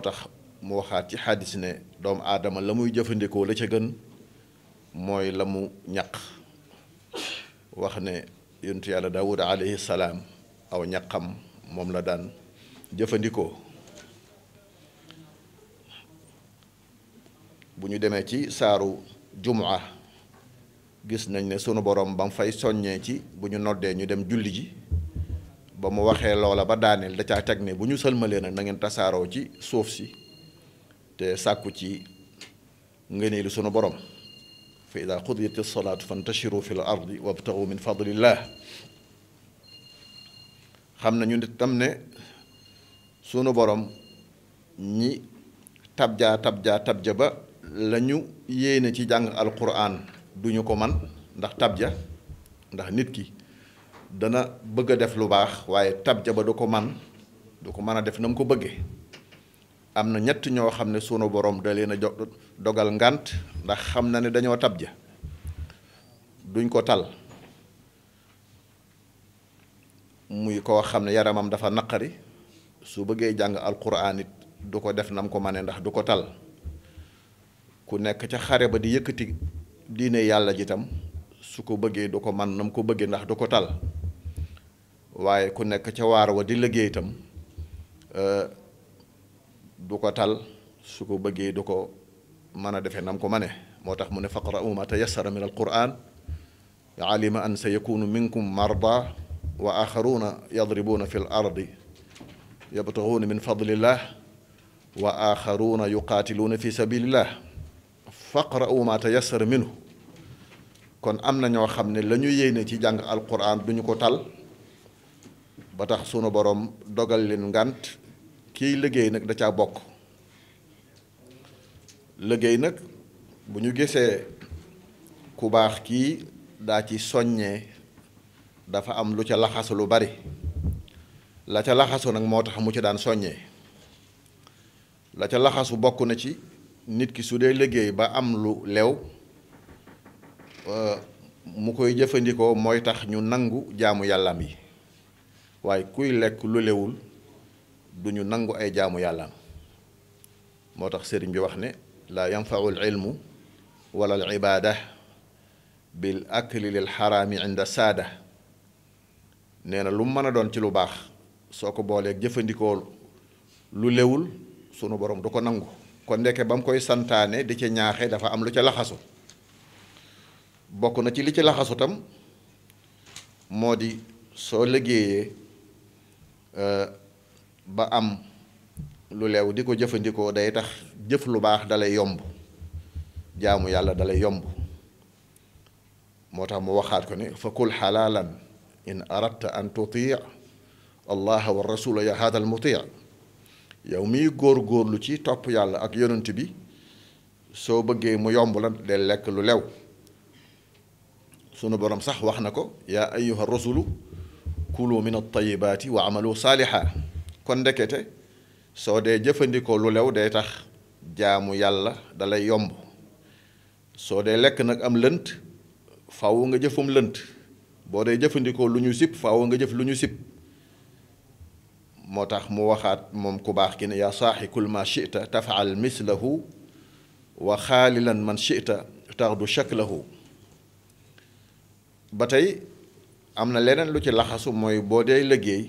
moo tax mu waxaat ci xaddis ne doomu aadama la muy jëfandikoo la ca gën mooy la mu ñaq wax ne yontu yàlla daawud alayhi salaam aw ñaqam moom la daan jëfandikoo bu ñu demee ci saaru jumaa gis nañ ne sunu borom ba mu fay soññee ci bu ñu noddee ñu dem julli ji ba mu waxee loola ba daaneel da caa teg ne bu ñu sëlmalee nag na ngeen tasaaroo ci suuf si te sàkku ci ngëneelu sunu borom fa ida qudiyati salaatu fantashiru fi l ardi wabtagu min fadlillah xam nañu nit tam ne sunu borom ñi tabjaa tabjaa tabja ba la ñu yéene ci jàng alquran duñu ko man ndax tabja ndax nit ki dana bëgg a def lu baax waaye tab ja ba du ko man du ko mën a def na mu ko bëggee am na ñett ñoo xam ne sunu borom da leen a jo dogal ngant ndax xam na ne dañoo tab ja duñ ko tal muy koo xam ne yaramam dafa naqari su bëggee jàng alquran it du ko def nam ko mane ndax du ko tal ku nekk ca xare ba di yëkkati diine yàlla ji tam su ko bëggee du ko man nam ko bëggee ndax du ko tal waaye ku nekk ca waar wa di liggéey tam euh, du ko tal su ko bëggee du ko mën a defee nam ko mane moo tax mu ne faqra'u ma tayassara min alquran alima an sayakunu minkum marda wa axaruna yadribuna fi l ardi yabtaxuuna min fadlillah wa axaruna yuqaatiluuna fi sabilillah kon am na ñoo xam ne la ñu yéene ci jàng alquran du ñu ko tal ba tax sunu boroom dogal leen ngànt kiy liggéey nag da caa bokk liggéey nag bu ñu gisee ku baax kii daa ci soññee dafa am lu ca laxasu lu bari la ca laxasu nag moo tax mu ci daan soññee la ca laxasu bokk na ci nit ki su dee liggéey ba am lu leew euh, mu koy jëfandikoo mooy tax ñu nangu jaamu yàllaam yi waaye kuy lekk lu lewul du ñu nangu ay jaamu yàllaam moo tax sëriñ bi wax ne laa yanfau al ilmu wala al ibaada bil akli lil xaraami inda saada nee na lu mën a doon ci lu baax soo ko booleeg jëfandikoo lu lewul sunu borom du ko nangu kon ndeke ba mu koy santaane di ci ñaaxe dafa am lu ca laxasu bokk na ci li ci laxasu tam moo di soo liggéeyee Euh, ba am lu leew di ko jëfandikoo day tax jëf lu baax dalay yomb jaamu yàlla dalay yomb moo tax mu waxaat ko ne fa kul xalaalan in aradta an tuti allaha wa rasula ya haadal muti yow miy góor góorlu ci topp yàlla ak yonent bi soo bëggee mu yomb la de lekk lu lew sunu borom sax wax na ko yaa ayyuha rasulu kulu min at-tayyibaati wa amalu saaliha kon ndekete soo dee jëfandikoo lu lew day tax jaamu yàlla dalay yomb soo dee lekk nag am lënt faw nga jëfum lënt boo dee jëfandikoo lu ñu sib faw nga jëf lu ñu sib moo tax mu waxaat moom ku baax ki ne yaa saaxi kul ma chita tafaal mislahu wa xaalilan man chita tax du shaklahu ba tey am na leneen lu ci laxasu mooy boo dee liggéey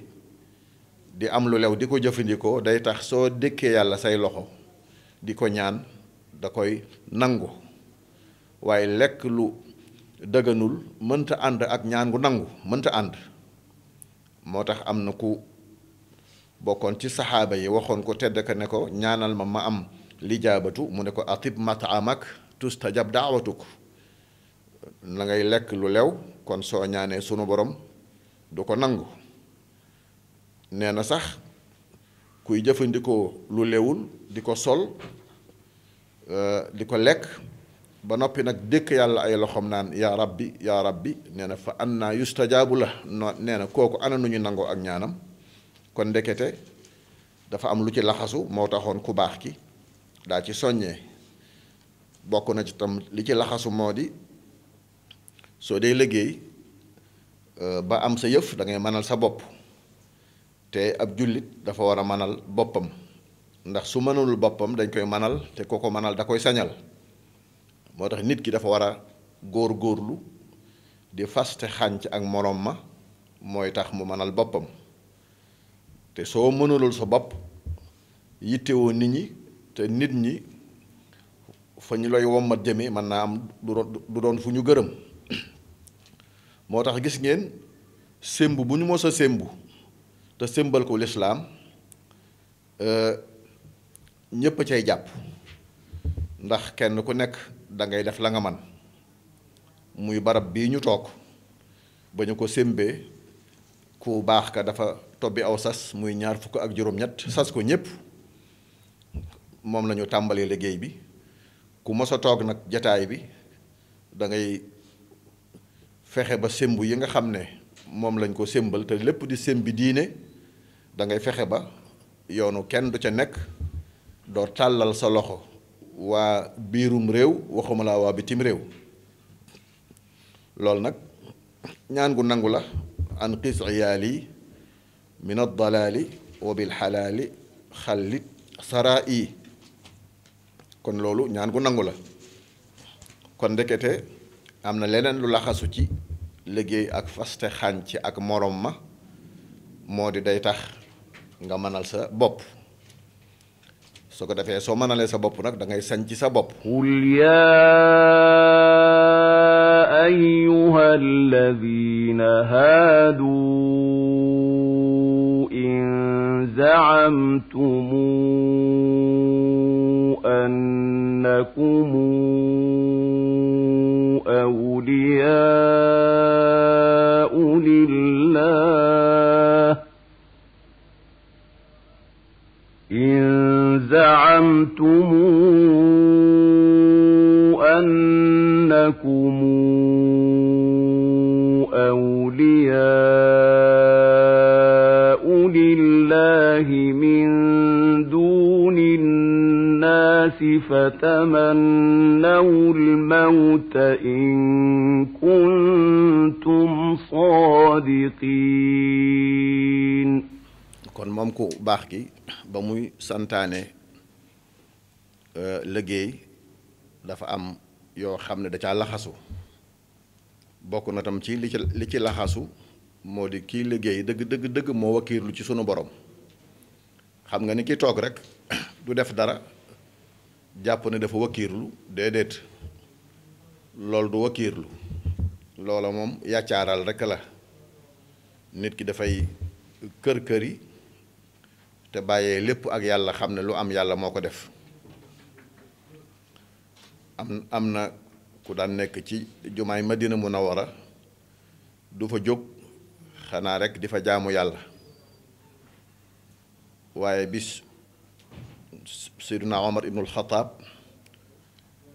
di am lu lew di ko jëfandikoo day tax soo dëkkee yàlla say loxo di ko ñaan da koy nangu waaye lekk lu dëgganul mënta ànd ak ñaan gu nangu mënta ànd moo tax am na ku bokkoon ci saxaaba yi waxoon ko tedd ka ne ko ñaanal ma ma am lijaabatu mu ne ko atib mataamak tustajab daawatu ko ngay lekk lu lew kon soo ñaanee sunu borom du ko nangu nee na sax kuy jëfandikoo lu lewul di ko sol euh, di ko lekk ba noppi nag dëkk yàlla ay loxoom naan yaa rabbi yaa rabbi nee na fa anna yustajaabu la no nee na kooku ana nu ñu nangoo ak ñaanam kon ndekete dafa am lu ci laxasu moo taxoon ku baax ki daa ci soññee bokk na ci tam li ci laxasu moo di soo dee léggéey euh, ba am sa yëf da ngay mënal sa bopp te ab jullit dafa war a mënal boppam ndax su mënalul boppam dañ koy manal te koo ko mënal da koy sañal moo tax nit ki dafa war a góor góorlu di te xànc ak moroom ma mooy tax mu mënal boppam te soo mënalul sa bopp yittewoo nit ñi te nit ñi fa ñu lay wommat jëme mën naa am du doon fu ñu gërëm moo tax gis ngeen sémb bu ñu mos a sémbu te sémbal ko lislaam euh, ñépp a cay jàpp ndax kenn ku nekk da ngay def la nga man muy barab bii ñu toog ba ñu ko sémbee ku baax ka dafa tobbi aw sas muy ñaar fukk ak juróom-ñett sas ko ñépp moom lañu tàmbali liggéey bi ku mos a toog nag jataay bi da fexe ba sémb yi nga xam ne moom lañ ko sémbal te lépp di sémbi diine dangay fexe ba yoonu kenn du ca nekk doo tàllal sa loxo waa biirum réew waxuma laa waa bitim réew loolu nag ñaan gu nangu la an qis iyaali min addalaali wa xalaali xallit saraa i kon loolu ñaan gu nangu la kon ndekete am na leneen lu laxasu ci liggéey ak faste xànc ak morom ma moo di day tax nga mënal sa bopp soo ko defee soo mënalee sa bopp nag dangay ngay sañ ci sa bopp qul yaa ayyuha haadu in zaamtum annakum أولياء لله إن زعمتم أنكم أولياء الناس kon moom ku baax gi ba muy santaane euh, liggéey dafa am yoo xam ne da laxasu bokk na tam ci li ci li ci laxasu moo di kii liggéey dëgg dëgg dëgg moo wakiirlu ci sunu borom xam nga ni ki toog rek du def dara jàpp ne dafa wakkiirlu déedéet loolu du wakkiirlu loola moom yàccaaral rekk la nit ki dafay kër-këri te bàyyee lépp ak yàlla xam ne lu am yàlla moo ko def am am na ku daan nekk ci jumaay ma dina a wara du fa jóg xanaa rekk di fa jaamu yàlla waaye bis Seyduna Omar ibnul Xataab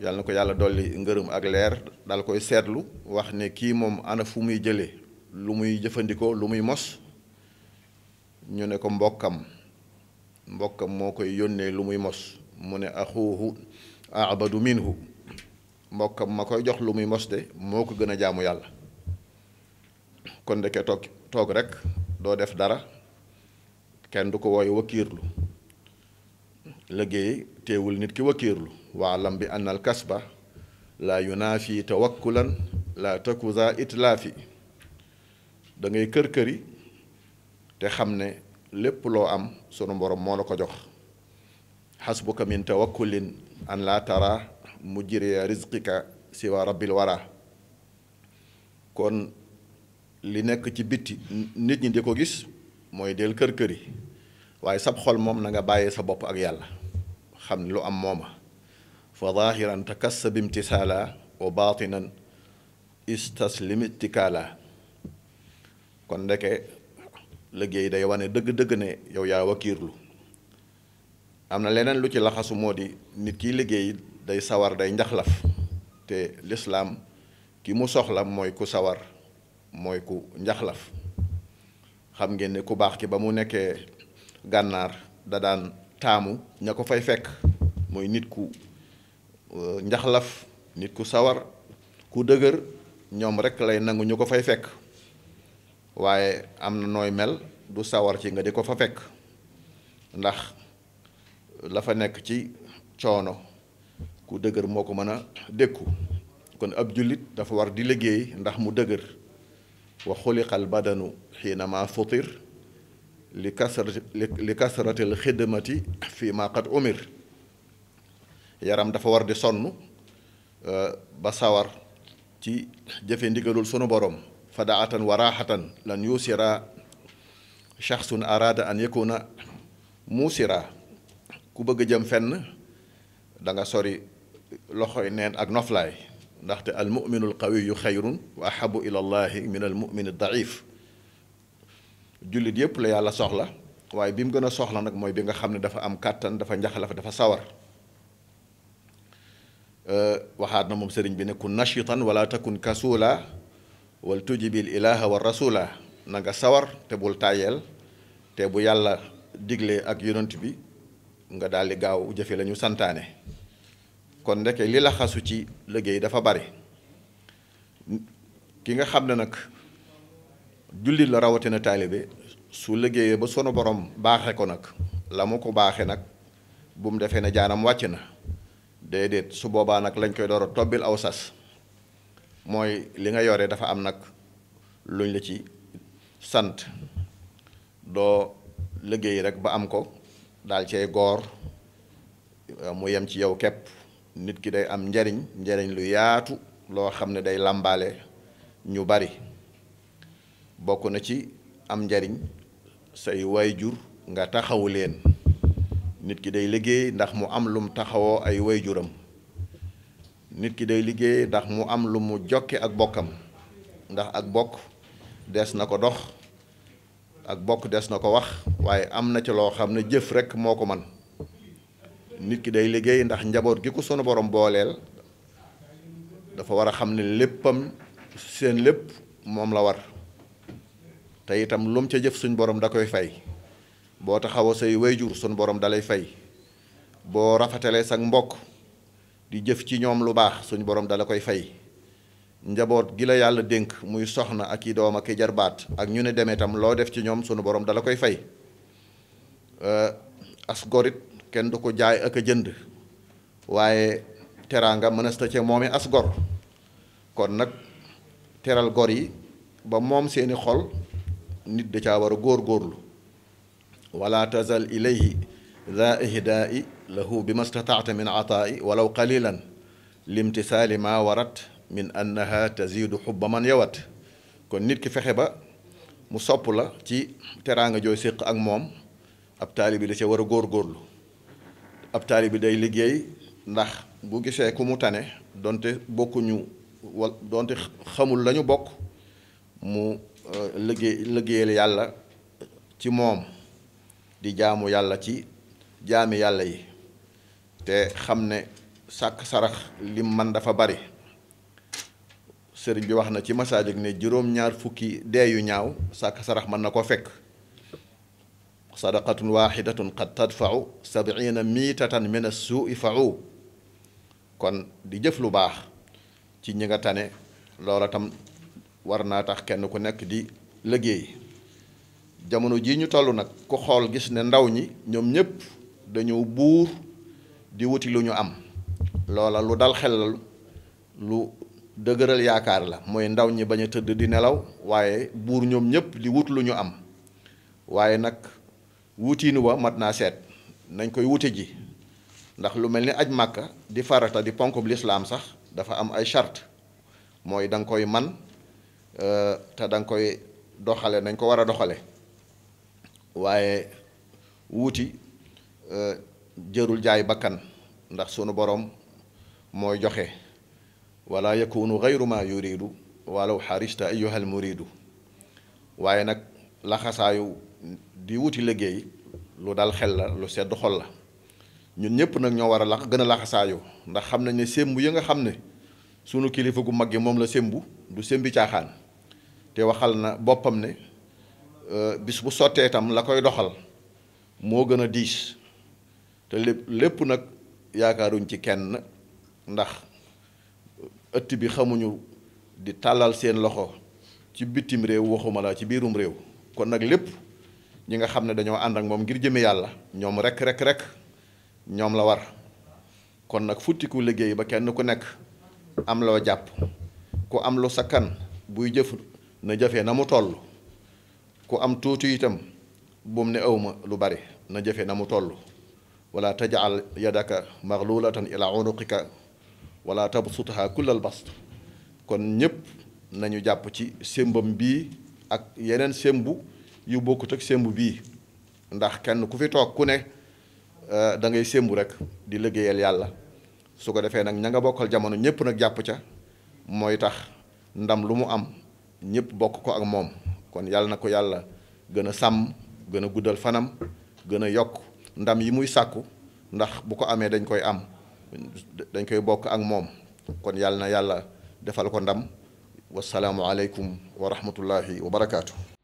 yàlla na ko yàlla dolli ngërëm ak leer dal koy seetlu wax ne kii moom ana fu muy jële lu muy jëfandikoo lu muy mos ñu ne ko mbokkam mbokkam moo koy yónnee lu muy mos mu ne axuuhu abadu minhu mbokkam ma koy jox lu muy mos de moo ko gën a jaamu yàlla kon ndeke toog toog rek doo def dara kenn du ko wooyu wakiirlu liggéey teewul nit ki wakiirlu waalam bi anna al kasba laa yunaafi tawakkulan la takuza itlaafi da ngay kër-këri te xam ne lépp loo am sunu borom moo la ko jox xasbuka min tawakkulin an laa tara mujriya rizqika siwa rabbil wara kon li nekk ci bitti nit ñi di ko gis mooy del kër-këri waaye sab xol moom na nga bàyyee sa bopp ak yàlla xam ne lu am mooma fa zahiran takassab imtisaala wa baatinan istaslim ittikaala kon ndeke liggéey day wane dëgg-dëgg ne yow yaa wakiirlu am na leneen lu ci laxasu moo di nit kiy liggéey day sawar day njaxlaf te lislaam ki mu soxla mooy ku sawar mooy ku njax laf xam ngeen ne ku baax ki ba mu nekkee gànnaar da daan taamu ña ko fay fekk mooy nit ku euh, njaxlaf nit ku sawar ku dëgër ñoom rek lay nangu ñu ko fay fekk waaye am na nooy mel du sawar ci nga di ko fa fekk ndax la fa nekk ci coono ku dëgër moo ko mën a dékku kon ab jullit dafa war di liggéey ndax mu dëgër wa xuliqal badanu xiinama futir li kasrat li kasratil xidmati fii maa qad umir yaram dafa war di sonn euh, ba sawar ci jëfe ndigalul sunu boroom fadaatan wa raaxatan lan yusira shaxsun araada an yakuna muusira ku bëgg jëm fenn danga nga sori loxoy neen ak noflaay ndaxte al muminul qawiyu xayrun waa ahabu ila allahi min al mumini jullit yëpp la yàlla soxla waaye bi mu gën a soxla nag mooy bi nga xam ne dafa am kàttan dafa njaxlaf dafa sawar euh, waxaat na moom sëriñ bi ne kun nashitan wala takun kasula wal tujibil ilaha wa rasula na nga sawar te bul tàyyeel te bu yàlla digle ak yonent bi nga daal di gaaw jëfe lañu santaane kon ndeke li la xasu ci liggéey dafa bari ki nga xam ne nag jullit la rawatina taalibe su liggéeyee ba sunu borom baaxe ko nag la mu ko baaxe nag bu mu defee ne jaanam wàcc na déedéet su boobaa nag lañ koy door a tobbil aw sas mooy li nga yore dafa am nag luñ la ci sant doo liggéey rek ba am ko daal cee góor mu yem ci yow képp nit ki day am njariñ njariñ lu yaatu loo xam ne day làmbaale ñu bari bokk na ci am njariñ say waajur nga taxawu leen nit ki day liggéey ndax mu am lum taxawoo ay waajuram nit ki day liggéey ndax mu am lu mu jokke ak bokkam ndax ak bokk des na ko dox ak bokk des na ko wax waaye am na ci loo xam ne jëf rekk moo ko man nit ki day liggéey ndax njaboot gi ko sunu borom booleel dafa war a xam ne léppam seen lépp moom la war tey itam lu mu ca jëf suñu borom da koy fay boo taxawoo say jur suñ borom dalay fay boo rafetalee sag mbokk di jëf ci ñoom lu baax suñu borom dala koy fay njaboot gi la yàlla dénk muy soxna ak i doom ak i jarbaat ak ñu ne demee itam loo def ci ñoom suñu borom dala koy fay as gorit kenn du ko jaay ak a jënd waaye teraanga mënasta ce moomi as gor kon nag teral gor yi ba moom seeni xol nit da caa war a góorgóorlu wala tazal ilayhi daa ihdaai lahu bi ma stataata min ataai walaw qalilan limtisaali ma warat min annaha tazidu xubba man yawat kon nit ki fexe ba mu sopp la ci teraanga jooy séq ak moom ab taali da ca war a góorgóorlu ab taali bi day liggéey ndax bu gisee ku mu tane donte bokkuñu wa donte xamul lañu bokk mu liggéey liggéeyal yàlla ci moom di jaamu yàlla ci jaami yàlla yi te xam ne sàkk sarax lim man dafa bari sëriñ bi wax na ci masaalik ne juróom-ñaar fukki dee yu ñaaw sàkk sarax mën na ko fekk sadaqatun waxidatun qad tadfau sabiina miitatan min assuui fau kon di jëf lu baax ci ñi loola tam war naa tax kenn ku nekk di liggéey jamono jii ñu toll nag ku xool gis ne ndaw ñi ñoom ñëpp dañoo buur di wuti lu ñu am loola lu dal xelal lu dëgëral yaakaar la mooy ndaw ñi bañ a tëdd di nelaw waaye buur ñoom ñëpp di wut lu ñu am waaye nag wutiinu wa mat naa seet nañ koy wute ji ndax lu mel ni aj màkka di farata di ponk bu lislaam sax dafa am ay charte mooy da koy man Euh, te danga koy doxale nañ ko war a doxale waaye wuuti euh, jërul jaay bakkan ndax sunu borom mooy joxe wala yakunu xayru ma yuridu walaw xarista ayyuhal muridu waaye nag laxasaayu di wuti liggéey lu dal xel la lu sedd xol la ñun ñëpp nag ñoo war a lax gën a laxasaayu ndax xam nañ ne sémb yi nga xam ne sunu kilifa gu mag gi moom la sémbu du sémbi caaxaan te waxal na boppam ne euh, bis bu sottee itam la koy doxal moo gën a diis te lépp lépp nag yaakaaruñ ci kenn ndax ëtt bi xamuñu di tàllal seen loxo ci bitim réew waxuma la ci biirum réew kon nag lépp ñi nga xam ne dañoo ànd ak moom ngir jëme yàlla ñoom rek rek rek ñoom la war kon nag futtiku liggéey ba kenn ku nekk am loo jàpp ku am lu sakkan buy jëf na jafe na mu toll ku am tuuti itam bumu ne awma lu bari na jafe na mu toll wala tajal yadaka maglulatan ila unuqika wala tabsutaha kullal bast kon ñépp nañu jàpp ci sémbam bii ak yeneen sémbu yu bokkut ak sémbu bii ndax kenn ku fi toog ku ne euh, da ngay sémbu rek di liggéeyal yàlla su ko defee nag ña nga bokkal jamono ñépp nag jàpp ca mooy tax ndam lu mu am ñëpp bokk ko ak moom kon yàlla na ko yàlla gën a sàmm gën a guddal fanam gën a yokk ndam yi muy sàkku ndax bu ko amee dañ koy am dañ koy bokk ak moom kon yàlla na yàlla defal ko ndam wasalaamu aleykum wa rahmatullahi barakaatu.